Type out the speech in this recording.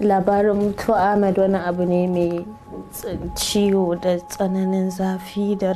labarin Mutuwa ahmed wani abu ne mai ciwo da tsananin zafi da